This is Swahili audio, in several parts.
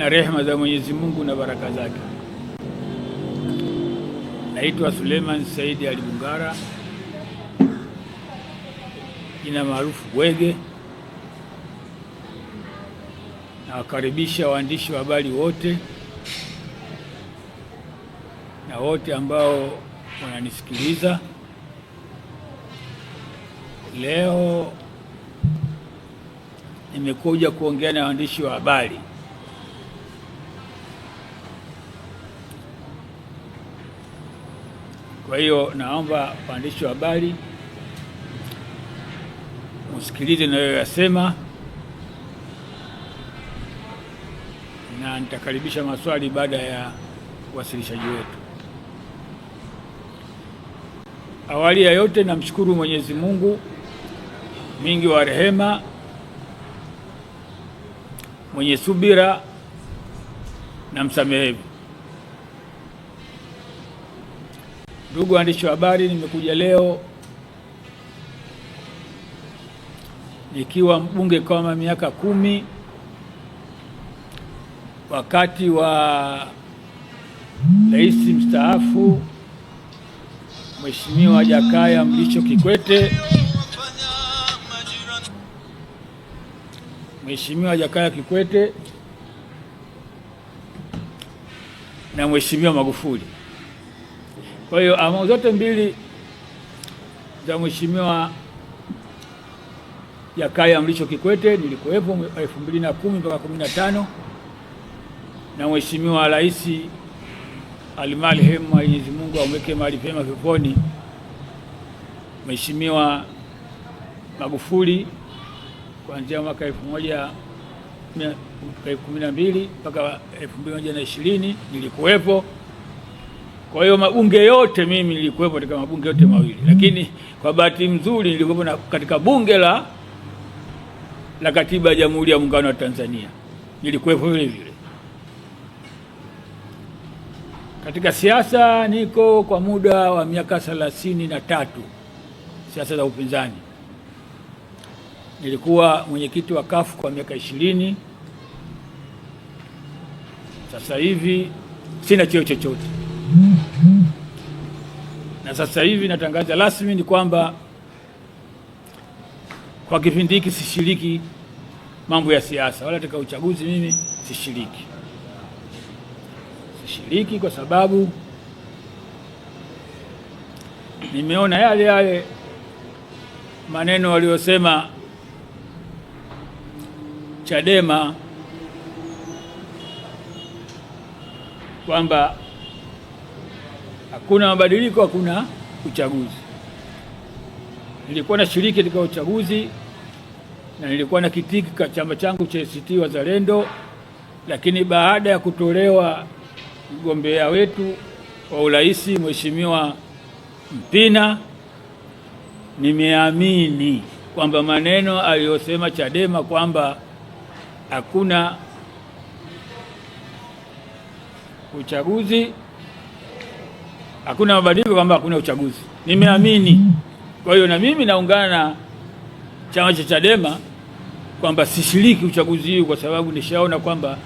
na rehema za Mwenyezi Mungu na baraka zake. Naitwa Suleiman Saidi alibungara jina maarufu Bwege. Nawakaribisha waandishi wa habari wote na wote ambao wananisikiliza leo. Nimekuja kuongea na waandishi wa habari Kwa hiyo naomba waandishi wa habari msikilize ninayoyasema, na nitakaribisha maswali baada ya uwasilishaji wetu. Awali ya yote, namshukuru Mwenyezi Mungu mwingi wa rehema, mwenye subira na msamehevu Ndugu waandishi wa habari, nimekuja leo nikiwa mbunge kama miaka kumi, wakati wa rais mstaafu Mheshimiwa Jakaya mlicho Kikwete. Mheshimiwa Jakaya Kikwete na Mheshimiwa Magufuli. Kwa hiyo amu zote mbili za Mheshimiwa Jakaya Mrisho Kikwete nilikuwepo 2010 mpaka 15 na Mheshimiwa Rais almarhemu, Mwenyezi Mungu amweke mahali pema peponi, Mheshimiwa Magufuli kuanzia mwaka 2012 mpaka 2020 nilikuwepo. Kwa hiyo mabunge yote mimi nilikuwepo katika mabunge yote mawili, lakini kwa bahati nzuri nilikuwepo katika bunge la la katiba ya Jamhuri ya Muungano wa Tanzania, nilikuwepo vile vile. Katika siasa niko kwa muda wa miaka thelathini na tatu, siasa za upinzani. Nilikuwa mwenyekiti wa kafu kwa miaka ishirini. Sasa hivi sina cheo chochote. Na sasa hivi natangaza rasmi ni kwamba kwa kipindi hiki sishiriki mambo ya siasa wala katika uchaguzi. Mimi sishiriki, sishiriki kwa sababu nimeona yale yale maneno waliyosema Chadema kwamba hakuna mabadiliko, hakuna uchaguzi. Nilikuwa nashiriki katika uchaguzi na nilikuwa na kitiki ka chama changu cha ACT Wazalendo, lakini baada ya kutolewa mgombea wetu wa urais Mheshimiwa Mpina, nimeamini kwamba maneno aliyosema Chadema kwamba hakuna uchaguzi hakuna mabadiliko kwamba hakuna uchaguzi, nimeamini. Kwa hiyo na mimi naungana na chama cha Chadema kwamba sishiriki uchaguzi huu, kwa sababu nishaona kwamba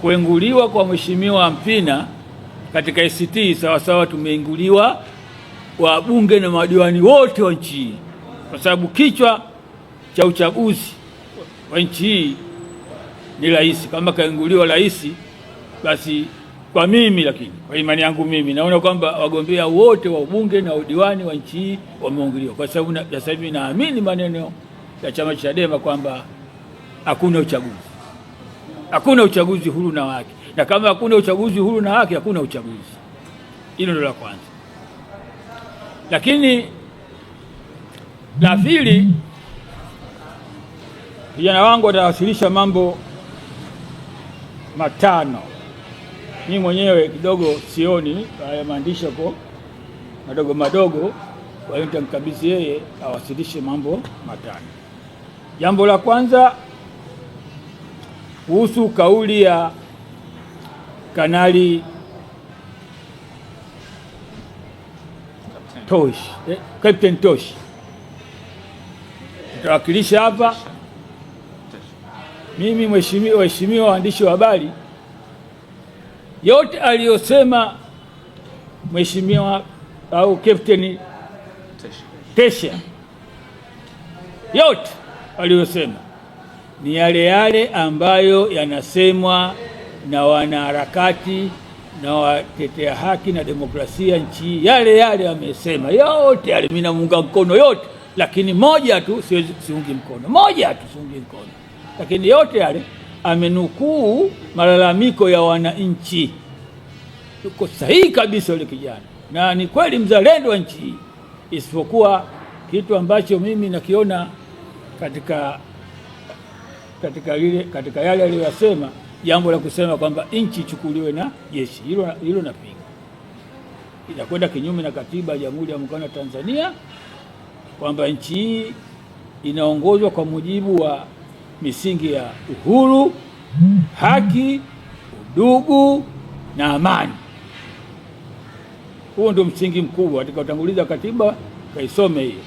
kuenguliwa kwa mheshimiwa Mpina katika ACT sawasawa, tumeinguliwa wabunge na madiwani wote wa nchi hii, kwa sababu kichwa cha uchaguzi wa nchi hii ni rais. Kama kaenguliwa rais, basi kwa mimi lakini, kwa imani yangu mimi naona kwamba wagombea wote wa ubunge na udiwani wa nchi hii wameongeliwa, kwa sababu sasa hivi naamini maneno ya chama cha Chadema kwamba hakuna uchaguzi, hakuna uchaguzi huru na haki, na kama hakuna uchaguzi huru na haki, hakuna uchaguzi. Hilo ndio la kwanza, lakini la pili, vijana wangu watawasilisha mambo matano mimi mwenyewe kidogo sioni haya maandishi ko madogo madogo, kwa hiyo nitamkabidhi yeye awasilishe mambo matano. Jambo la kwanza kuhusu kauli ya Kanali Tosh, eh, Captain Tosh tutawakilisha hapa mimi mheshimiwa, waandishi wa habari yote aliyosema mheshimiwa au Captain Tesha, yote aliyosema ni yale yale ambayo yanasemwa na wanaharakati na watetea haki na demokrasia nchi hii, yale yale amesema yote yale, mimi namuunga mkono yote, lakini moja tu siungi mkono, moja tu siungi mkono, lakini yote yale amenukuu malalamiko ya wananchi. Yuko sahihi kabisa yule kijana, na ni kweli mzalendo wa nchi hii, isipokuwa kitu ambacho mimi nakiona katika, katika, lile, katika yale aliyoyasema, jambo la kusema kwamba nchi ichukuliwe na jeshi, hilo hilo napinga, inakwenda kinyume na katiba ya Jamhuri ya Muungano wa Tanzania kwamba nchi hii inaongozwa kwa mujibu wa misingi ya uhuru, haki, udugu na amani. Huo ndio msingi mkubwa katika utanguliza katiba, kaisome hiyo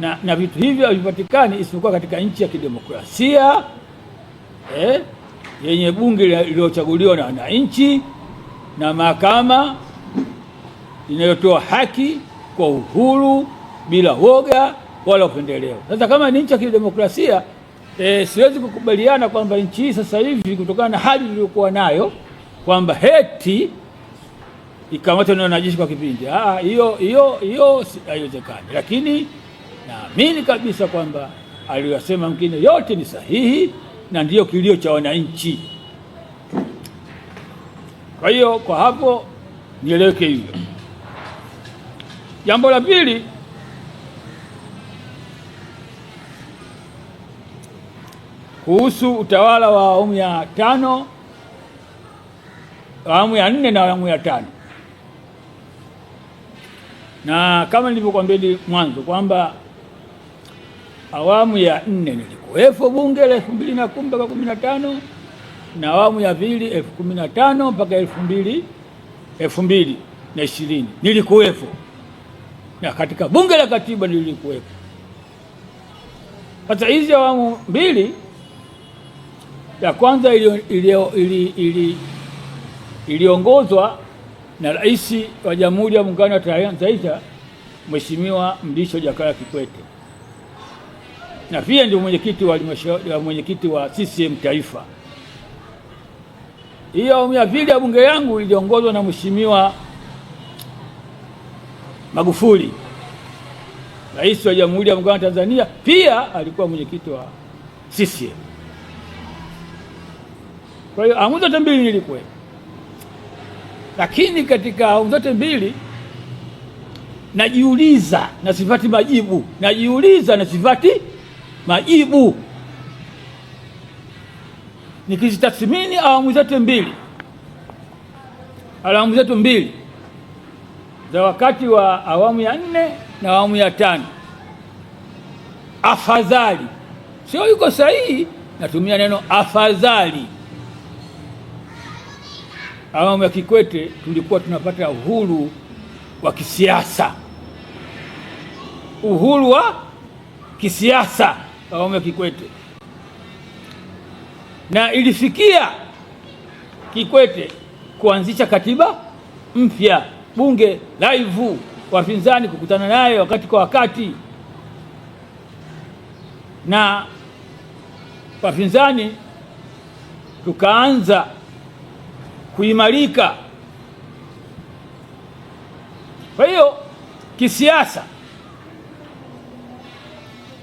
na, na vitu hivyo havipatikani isipokuwa katika nchi ya kidemokrasia eh, yenye bunge lililochaguliwa na wananchi na mahakama inayotoa haki kwa uhuru bila woga wala upendeleo. Sasa kama ni nchi ya kidemokrasia e, siwezi kukubaliana kwamba nchi hii sasa hivi kutokana na hali iliyokuwa nayo kwamba heti ikamatwa na wanajeshi kwa kipindi ah, hiyo, hiyo hiyo haiwezekani, lakini naamini kabisa kwamba aliyosema mwingine yote ni sahihi na ndiyo kilio cha wananchi. Kwa hiyo kwa hapo nieleweke hivyo. Jambo la pili kuhusu utawala wa awamu ya tano, awamu ya nne na awamu ya tano, na kama nilivyokuambia mwanzo kwamba awamu ya nne nilikuwepo bunge la elfu mbili na kumi mpaka kumi na tano na awamu ya pili elfu kumi na tano mpaka elfu mbili elfu mbili na ishirini nilikuwepo, na katika bunge la katiba nilikuwepo. Sasa hizi awamu mbili ya kwanza iliongozwa ili, ili, ili na Rais wa Jamhuri ya Muungano wa Tanzania Mheshimiwa mdisho Jakaya Kikwete, na pia ndio mwenyekiti wa mwenyekiti wa CCM Taifa. Hiyo awamu ya pili ya bunge yangu iliongozwa na Mheshimiwa Magufuli, Rais wa Jamhuri ya Muungano wa Tanzania, pia alikuwa mwenyekiti wa CCM. Kwa hiyo awamu zote mbili nilikuwa, lakini katika awamu zote mbili najiuliza na sipati majibu, najiuliza na sipati majibu. Nikizitathmini awamu zote mbili, awamu zetu mbili za wakati wa awamu ya nne na awamu ya tano, afadhali sio yuko sahihi, natumia neno afadhali awamu ya Kikwete tulikuwa tunapata uhuru wa kisiasa, uhuru wa kisiasa awamu ya Kikwete, na ilifikia Kikwete kuanzisha katiba mpya, bunge laivu, wapinzani kukutana naye wakati kwa wakati, na wapinzani tukaanza kuimarika. Kwa hiyo kisiasa,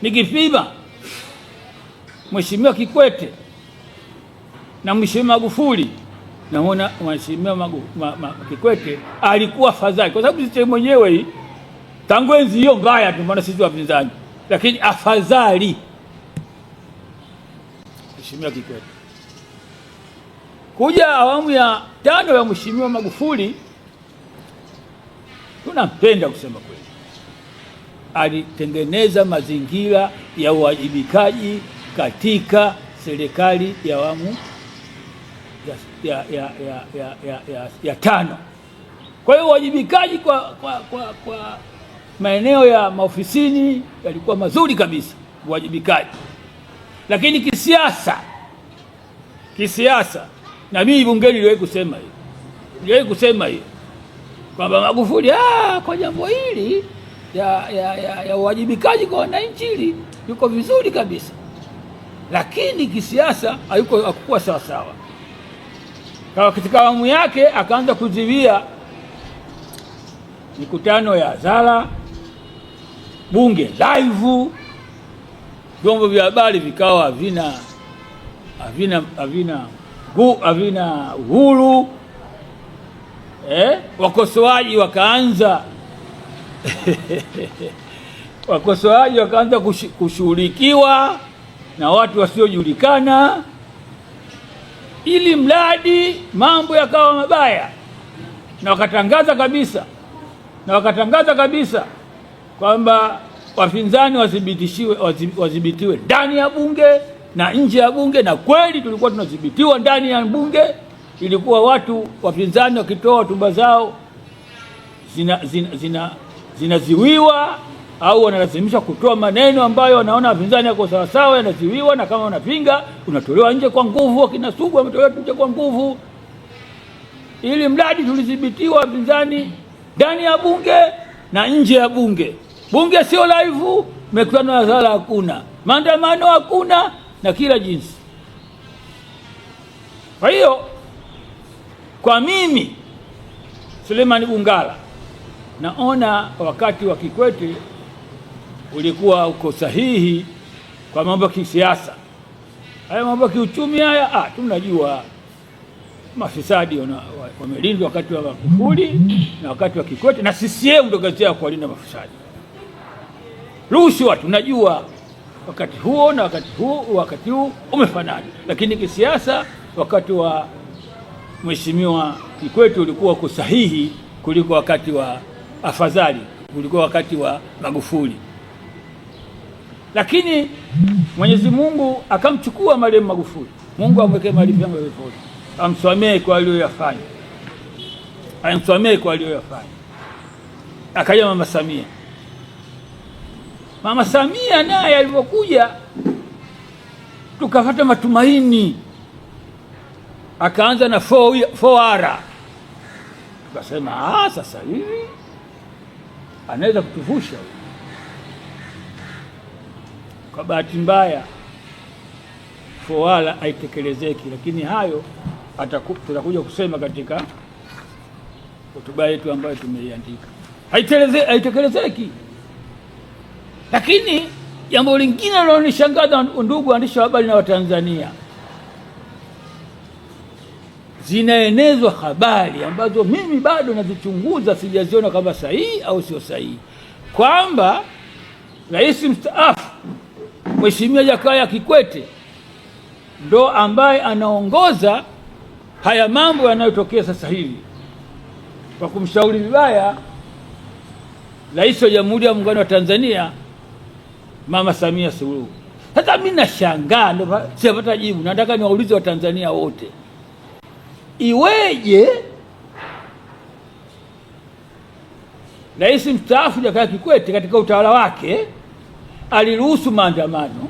nikipima Mheshimiwa Kikwete na Mheshimiwa Magufuli, naona Mheshimiwa Magu, ma, ma, Kikwete alikuwa afadhali, kwa sababu sisi mwenyewe hii tangu enzi hiyo mbaya tumeona sisi wapinzani, lakini afadhali Mheshimiwa Kikwete. Kuja awamu ya tano ya Mheshimiwa Magufuli, tunampenda kusema kweli, alitengeneza mazingira ya uwajibikaji katika serikali ya awamu ya, ya, ya, ya, ya, ya, ya, ya tano. Kwa hiyo uwajibikaji kwa, kwa, kwa, kwa maeneo ya maofisini yalikuwa mazuri kabisa, uwajibikaji. Lakini kisiasa, kisiasa na mimi bungeni niliwahi kusema hiyo, niliwahi kusema hiyo kwamba Magufuli ah, kwa jambo hili ya, ya, ya, ya uwajibikaji kwa wananchi hili yuko vizuri kabisa, lakini kisiasa hayuko hakukuwa sawasawa. Katika awamu yake akaanza kuziwia mikutano ya hadhara, bunge live, vyombo vya habari vikawa havina havina havina havina uhuru eh? Wakosoaji wakaanza wakosoaji wakaanza kushughulikiwa na watu wasiojulikana, ili mradi mambo yakawa mabaya, na wakatangaza kabisa na wakatangaza kabisa kwamba wapinzani wadhibitiwe ndani ya bunge na nje ya bunge, na kweli tulikuwa tunadhibitiwa. Ndani ya bunge ilikuwa watu wapinzani wakitoa hotuba zao zinaziwiwa zina, zina, zina au wanalazimisha kutoa maneno ambayo wanaona wapinzani yako sawasawa, yanaziwiwa, na kama wanapinga unatolewa nje kwa nguvu. Wakina Sugu wametolewa nje kwa nguvu, ili mradi tulidhibitiwa wapinzani ndani ya bunge na nje ya bunge. Bunge sio live, mekutano ya hadhara hakuna, maandamano hakuna, na kila jinsi. Kwa hiyo kwa mimi Suleiman Bungala naona wakati wa Kikwete ulikuwa uko sahihi kwa mambo ya kisiasa. Haya mambo ya kiuchumi haya, ah, tunajua mafisadi wamelindwa wakati wa Magufuli na wakati wa Kikwete, na CCM ndio kazi yao kuwalinda mafisadi. Rushwa tunajua wakati huo na wakati huu, wakati huu umefanana, lakini kisiasa wakati wa Mheshimiwa Kikwete ulikuwa kusahihi kuliko wakati wa afadhali ulikuwa wakati wa Magufuli, lakini Mwenyezi Mungu akamchukua marehemu Magufuli. Mungu amweke mahali pema peponi, amsamehe kwa aliyoyafanya, amsamehe kwa aliyoyafanya. Akaja mama Samia. Mama Samia naye alipokuja tukapata matumaini, akaanza na 4R tukasema, ah, sasa hivi anaweza kutuvusha. Kwa bahati mbaya 4 haitekelezeki, lakini hayo tutakuja kusema katika hotuba yetu ambayo tumeiandika. Haitekelezeki. Lakini jambo lingine linalonishangaza, ndugu waandishi wa habari na Watanzania, zinaenezwa habari ambazo mimi bado nazichunguza, sijaziona kama sahihi au sio sahihi, kwamba rais mstaafu Mheshimiwa Jakaya Kikwete ndo ambaye anaongoza haya mambo yanayotokea sasa hivi kwa kumshauri vibaya rais wa Jamhuri ya Muungano wa Tanzania Mama Samia Suluhu. Sasa mimi nashangaa, ndio sijapata jibu. Nataka niwaulize Watanzania wote, iweje Rais mstaafu Jakaya Kikwete katika utawala wake aliruhusu maandamano,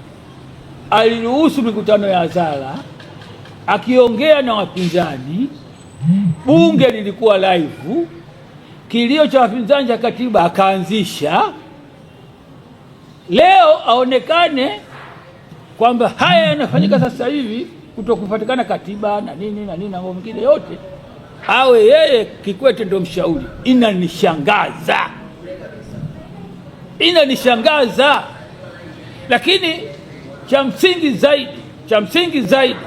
aliruhusu mikutano ya hadhara, akiongea na wapinzani, bunge lilikuwa live, kilio cha wapinzani cha katiba akaanzisha leo aonekane kwamba haya yanafanyika sasa hivi kutokupatikana katiba na nini na nini na mambo mengine yote, awe yeye Kikwete ndo mshauri. Inanishangaza, inanishangaza, lakini cha msingi zaidi, cha msingi zaidi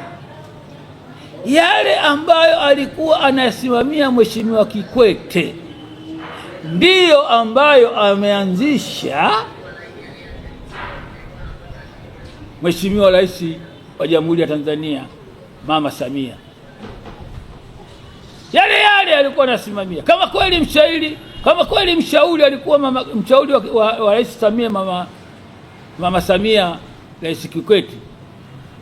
yale ambayo alikuwa anayasimamia Mheshimiwa Kikwete ndiyo ambayo ameanzisha Mheshimiwa Rais wa Jamhuri ya Tanzania Mama Samia, yale yale alikuwa anasimamia. Kama kweli mshairi, kama kweli mshauri alikuwa mama, mshauri wa, wa, wa Rais Samia mama, Mama Samia Rais Kikwete,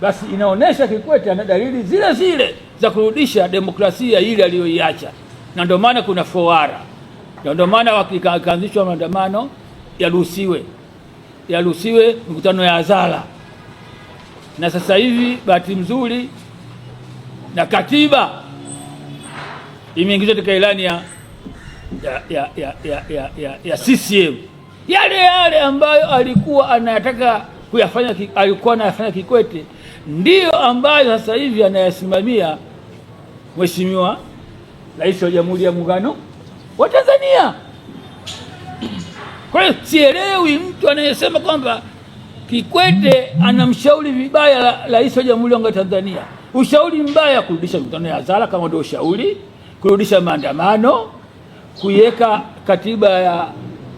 basi inaonyesha Kikwete ana dalili zile zile za kurudisha demokrasia ile aliyoiacha, na ndio maana kuna fowara, na ndio maana wakaanzishwa maandamano yaruhusiwe, yaruhusiwe mikutano ya hadhara na sasa hivi bahati mzuri na katiba imeingizwa katika ilani ya, ya, ya, ya, ya, ya, ya, ya CCM yale yale ambayo alikuwa anayataka kuyafanya, alikuwa anayafanya Kikwete ndiyo ambayo sasa hivi anayasimamia Mheshimiwa Rais wa Jamhuri ya Muungano wa Tanzania. Kwa hiyo sielewi mtu anayesema kwamba Kikwete anamshauri vibaya rais wa Jamhuri ya Muungano wa Tanzania, ushauri mbaya: kurudisha mikutano ya hadhara kama ndio ushauri, kurudisha maandamano, kuiweka katiba ya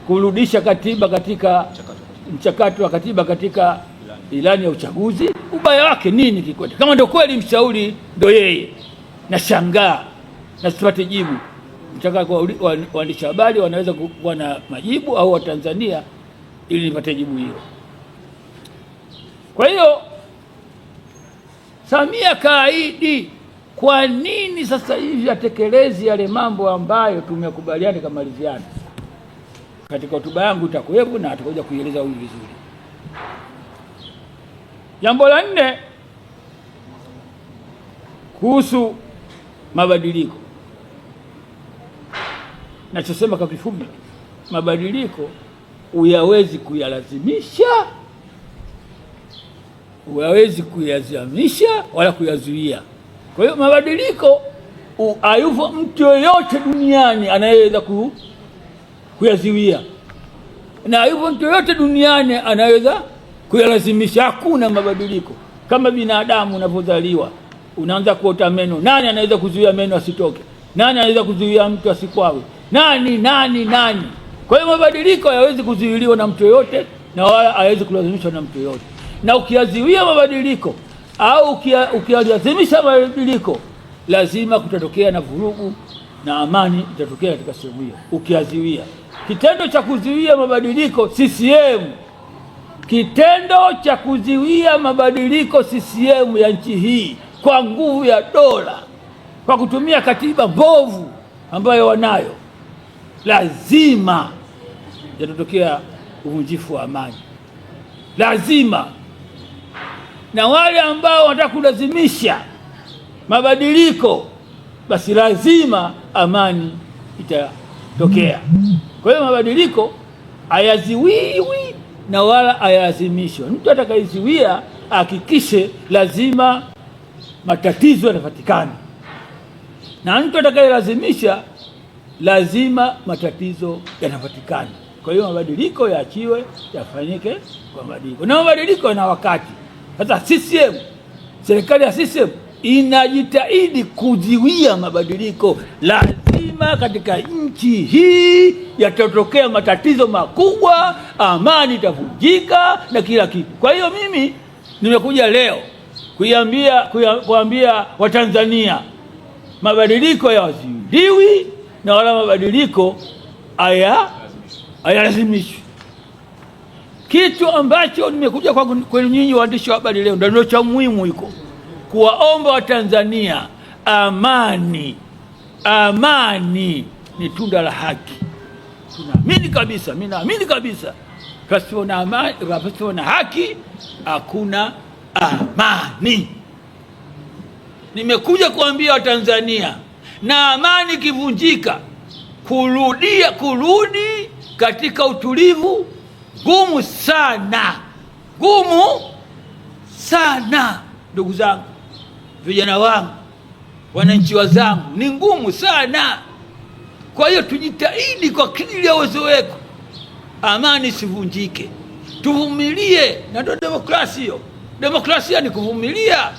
kurudisha katiba katika mchakato wa katiba katika ilani ya uchaguzi. Ubaya wake nini Kikwete? Kama ndio kweli mshauri ndio yeye, nashangaa na sipate jibu. Nataka waandishi habari wanaweza kuwa na majibu au Watanzania, ili nipate jibu hiyo. Kwa hiyo Samia kaahidi. Kwa nini sasa hivi atekelezi yale mambo ambayo tumekubaliana kamaliziana? Katika hotuba yangu itakuwepo na atakuja kuieleza huyu vizuri. Jambo la nne kuhusu mabadiliko, nachosema kwa kifupi, mabadiliko uyawezi kuyalazimisha huwezi kuyazamisha wala kuyazuia. Kwa hiyo mabadiliko hayupo mtu yoyote duniani anayeweza ku, kuyazuia na hayupo mtu yoyote duniani anayeweza kuyalazimisha. Hakuna mabadiliko. Kama binadamu unavyozaliwa unaanza kuota meno, nani anaweza kuzuia meno asitoke? Nani anaweza kuzuia mtu asikwawe? Nani? Nani? Nani? Kwa hiyo mabadiliko hayawezi kuzuiliwa na mtu yoyote na wala hayawezi kulazimishwa na mtu yoyote na ukiyaziwia mabadiliko au ukiyalazimisha mabadiliko, lazima kutatokea na vurugu na amani itatokea katika sehemu hiyo. Ukiyaziwia, kitendo cha kuziwia mabadiliko CCM, kitendo cha kuziwia mabadiliko CCM ya nchi hii kwa nguvu ya dola, kwa kutumia katiba mbovu ambayo wanayo, lazima yatatokea uvunjifu wa amani, lazima na wale ambao wanataka kulazimisha mabadiliko, basi lazima amani itatokea. Kwa hiyo mabadiliko hayaziwiwi na wala hayalazimishwa. Mtu atakayeziwia ahakikishe lazima matatizo yanapatikana, na mtu atakayelazimisha lazima matatizo yanapatikana. Kwa hiyo mabadiliko yaachiwe, yafanyike kwa mabadiliko, na mabadiliko yana wakati. Sasa CCM, serikali ya CCM inajitahidi kuziwia mabadiliko. Lazima katika nchi hii yatatokea matatizo makubwa, amani itavunjika na kila kitu. Kwa hiyo mimi nimekuja leo kuiambia kuambia Watanzania mabadiliko hayazuiliwi na wala mabadiliko hayalazimishwi. Kitu ambacho nimekuja kwenu nyinyi waandishi wa habari leo ndio cha muhimu iko kuwaomba Watanzania, amani. Amani ni tunda la haki. Tunaamini kabisa, mimi naamini kabisa, pasipo na amani, pasipo na haki hakuna amani. Nimekuja kuambia Watanzania, na amani ikivunjika, kurudia kurudi katika utulivu ngumu sana, ngumu sana ndugu zangu, vijana wangu, wananchi wazangu, ni ngumu sana. Kwa hiyo tujitahidi kwa kadri ya uwezo wetu, amani isivunjike, tuvumilie, na ndio demokrasia hiyo. Demokrasia ni kuvumilia,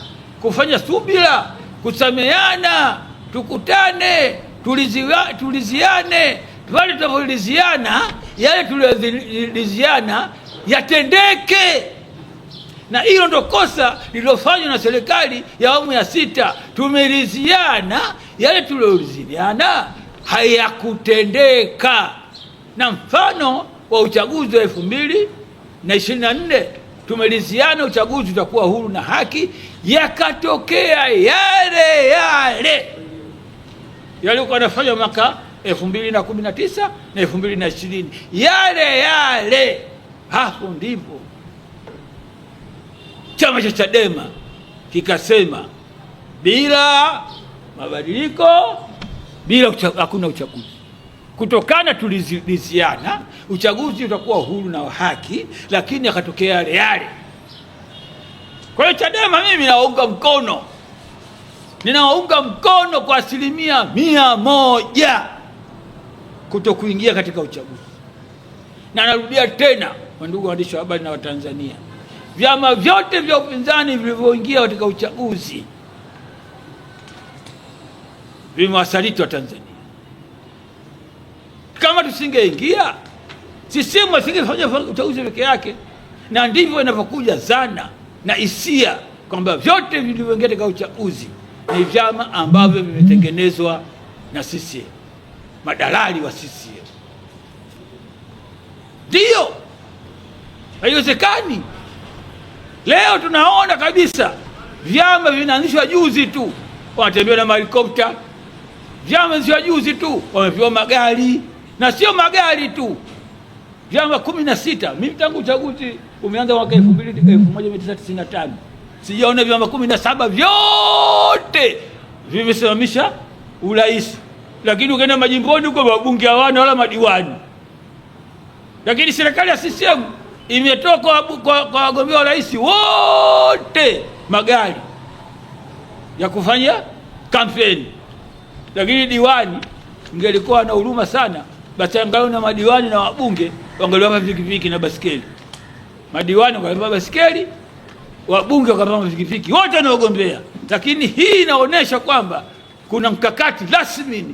kufanya subira, kusameana, tukutane, tuliziwa, tuliziane pale tutavyoridhiana yale tuliyoridhiana yatendeke na hilo ndo kosa lililofanywa na serikali ya awamu ya sita. Tumeliziana yale tuliyoridhiana hayakutendeka, na mfano wa uchaguzi wa elfu mbili na ishirini na nne tumeridhiana uchaguzi utakuwa huru na haki, yakatokea yale yale yaliokuwa yanafanywa mwaka elfu mbili na kumi na tisa na elfu mbili na ishirini yale yale. Hapo ndipo chama cha Chadema kikasema bila mabadiliko, bila hakuna uchaguzi kutokana tulizidhiana uchaguzi utakuwa huru na haki, lakini akatokea yale yale. Kwa hiyo Chadema mimi nawaunga mkono, ninawaunga mkono kwa asilimia mia moja kuto kuingia katika uchaguzi. Na narudia tena, wandugu waandishi wa habari na Watanzania, vyama vyote vya upinzani vilivyoingia katika uchaguzi vimewasaliti wa Tanzania. Kama tusingeingia sisimu asingefanya uchaguzi peke yake, na ndivyo inavyokuja zana na hisia kwamba vyote vilivyoingia katika uchaguzi ni vyama ambavyo vimetengenezwa na sisi madalali wa CCM. Ndio, haiwezekani. Leo tunaona kabisa vyama vinaanzishwa juzi tu, wanatembea na mahelikopta. Vyama vinaanzishwa juzi tu, wamepewa magari, na sio magari tu, vyama kumi na sita. Mimi tangu uchaguzi umeanza mwaka tano sijaona vyama kumi na saba vyote vimesimamisha urais lakini ukaenda majimboni huko wabunge hawana wala madiwani. Lakini serikali ya CCM imetoa kwa wagombea wa rais wote magari ya kufanya kampeni, lakini diwani mngelikuwa na huruma sana, basi angalau na madiwani na wabunge wangaliwapa pikipiki na basikeli. Madiwani wakalipa basikeli, wabunge wakalipa pikipiki, wote wanaogombea. Lakini hii inaonyesha kwamba kuna mkakati rasmi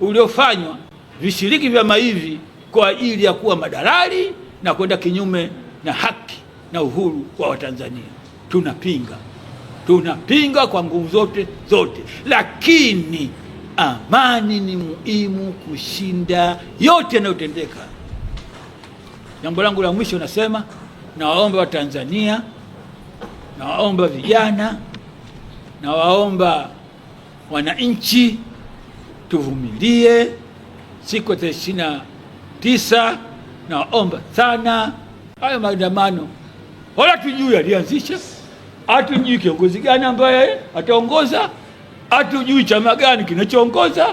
uliofanywa vishiriki vyama hivi kwa ajili ya kuwa madalali na kwenda kinyume na haki na uhuru wa Watanzania. Tunapinga, tunapinga kwa nguvu zote zote, lakini amani ni muhimu kushinda yote yanayotendeka. Jambo langu la mwisho nasema, nawaomba Watanzania, nawaomba vijana, nawaomba wananchi tuvumilie siku ya tarehe ishirini na tisa. Naomba sana hayo maandamano, wala tujui alianzisha, hatujui kiongozi gani ambaye ataongoza, hatujui chama gani kinachoongoza,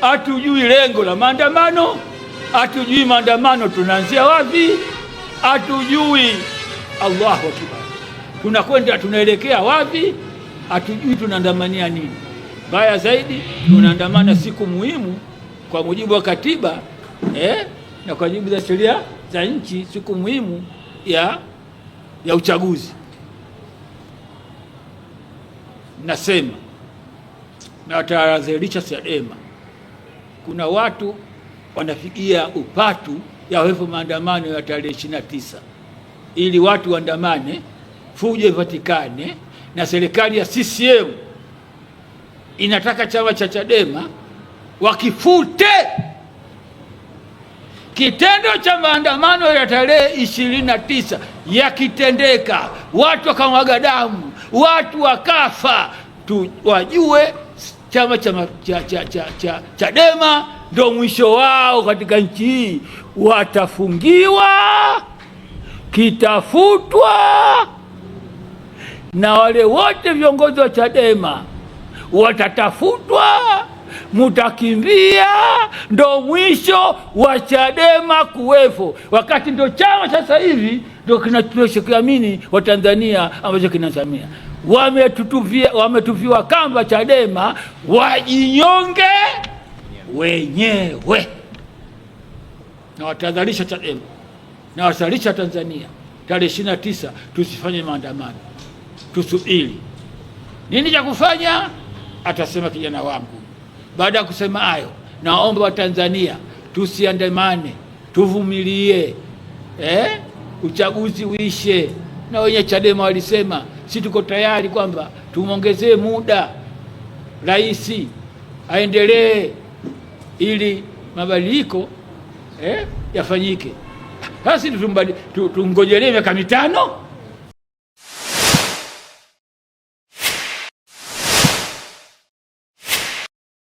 hatujui lengo la maandamano, hatujui maandamano tunaanzia wapi, hatujui. Allahu akbar, tunakwenda tunaelekea wapi? Hatujui tunaandamania nini. Baya zaidi tunaandamana siku muhimu kwa mujibu wa katiba eh, na kwa mujibu za sheria za nchi, siku muhimu ya, ya uchaguzi. Nasema na watahadharisha Chadema, kuna watu wanafikia upatu yawepo maandamano ya tarehe ishirini na tisa ili watu waandamane, fujo ipatikane na serikali ya CCM inataka chama cha Chadema wakifute kitendo cha maandamano ya tarehe ishirini na tisa yakitendeka, watu wakamwaga damu, watu wakafa, tu wajue chama cha cha Chadema ndo mwisho wao katika nchi hii. Watafungiwa, kitafutwa, na wale wote viongozi wa Chadema watatafutwa, mutakimbia, ndo mwisho wa Chadema kuwepo, wakati ndo chama sasa hivi ndo kinachokiamini Watanzania ambacho kinasamia. wametuviwa kamba Chadema wajinyonge wenyewe, na watadharisha Chadema na watadharisha Tanzania. Tarehe ishirini na tisa tusifanye maandamano, tusubiri nini cha kufanya atasema kijana wangu. Baada ya kusema hayo, naomba Watanzania tusiandamane, tuvumilie eh? uchaguzi uishe. Na wenye Chadema walisema si tuko tayari kwamba tumwongezee muda rais aendelee ili mabadiliko eh, yafanyike. Sasa tumgojelee miaka mitano.